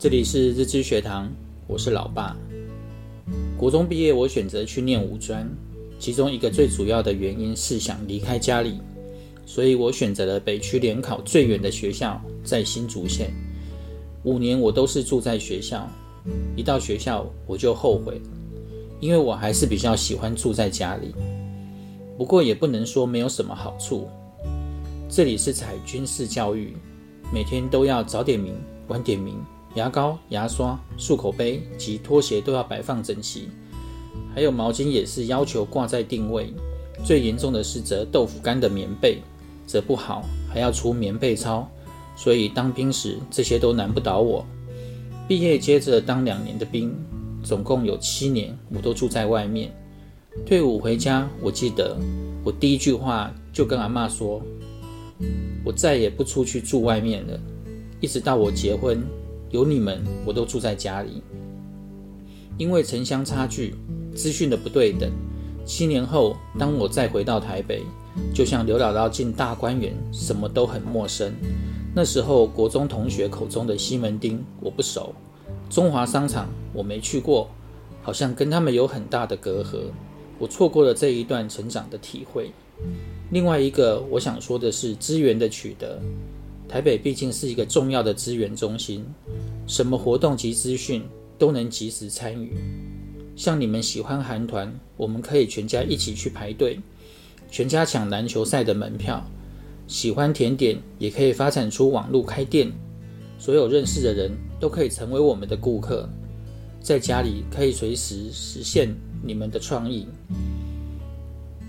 這裡是日知學堂，我是老爸。國中畢業，我選擇去念五專，其中一個最主要的原因是想離開家裡，所以我選擇了北區聯考最遠的學校，在新竹縣。五年我都是住在學校，一到學校我就後悔，因為我還是比較喜歡住在家裡。不過也不能說沒有什麼好處，這裡是採軍事教育，每天都要早點名、晚點名。牙膏、牙刷、漱口杯及拖鞋都要擺放整齊，還有毛巾也是要求掛在定位。最嚴重的是折豆腐乾的棉被，折不好還要出棉被操。所以當兵時，這些都難不倒我。畢業接着當兩年的兵，總共有七年，我都住在外面。退伍回家，我記得我第一句話就跟阿嬤說：“我再也不出去住外面了。”一直到我結婚。有你們，我都住在家裡。因為城鄉差距、資訊的不對等，七年後當我再回到台北，就像劉姥姥進大觀園，什麼都很陌生。那時候國中同學口中的西門町我不熟，中華商場我沒去過，好像跟他們有很大的隔閡。我錯過了這一段成長的體會。另外一個我想說的是資源的取得。台北畢竟是一個重要的資源中心，什麼活動及資訊都能及時參與。像你們喜歡韓團，我們可以全家一起去排隊，全家搶籃球賽的門票；喜歡甜點，也可以發展出網絡開店。所有認識的人都可以成為我們的顧客，在家裡可以隨時實現你們的創意。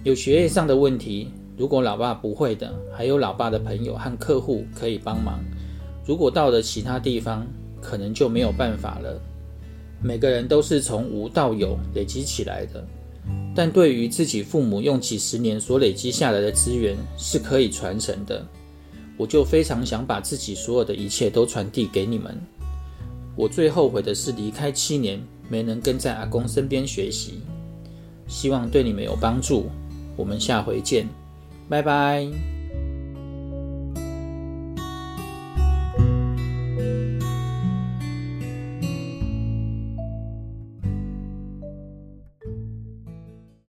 有學業上的問題。如果老爸不會的，還有老爸的朋友和客戶可以幫忙。如果到了其他地方，可能就沒有辦法了。每個人都是從無到有累積起來的，但對於自己父母用幾十年所累積下來的資源是可以傳承的。我就非常想把自己所有的一切都傳遞給你們。我最後悔的是離開七年，沒能跟在阿公身邊學習。希望對你們有幫助。我們下回見。拜拜。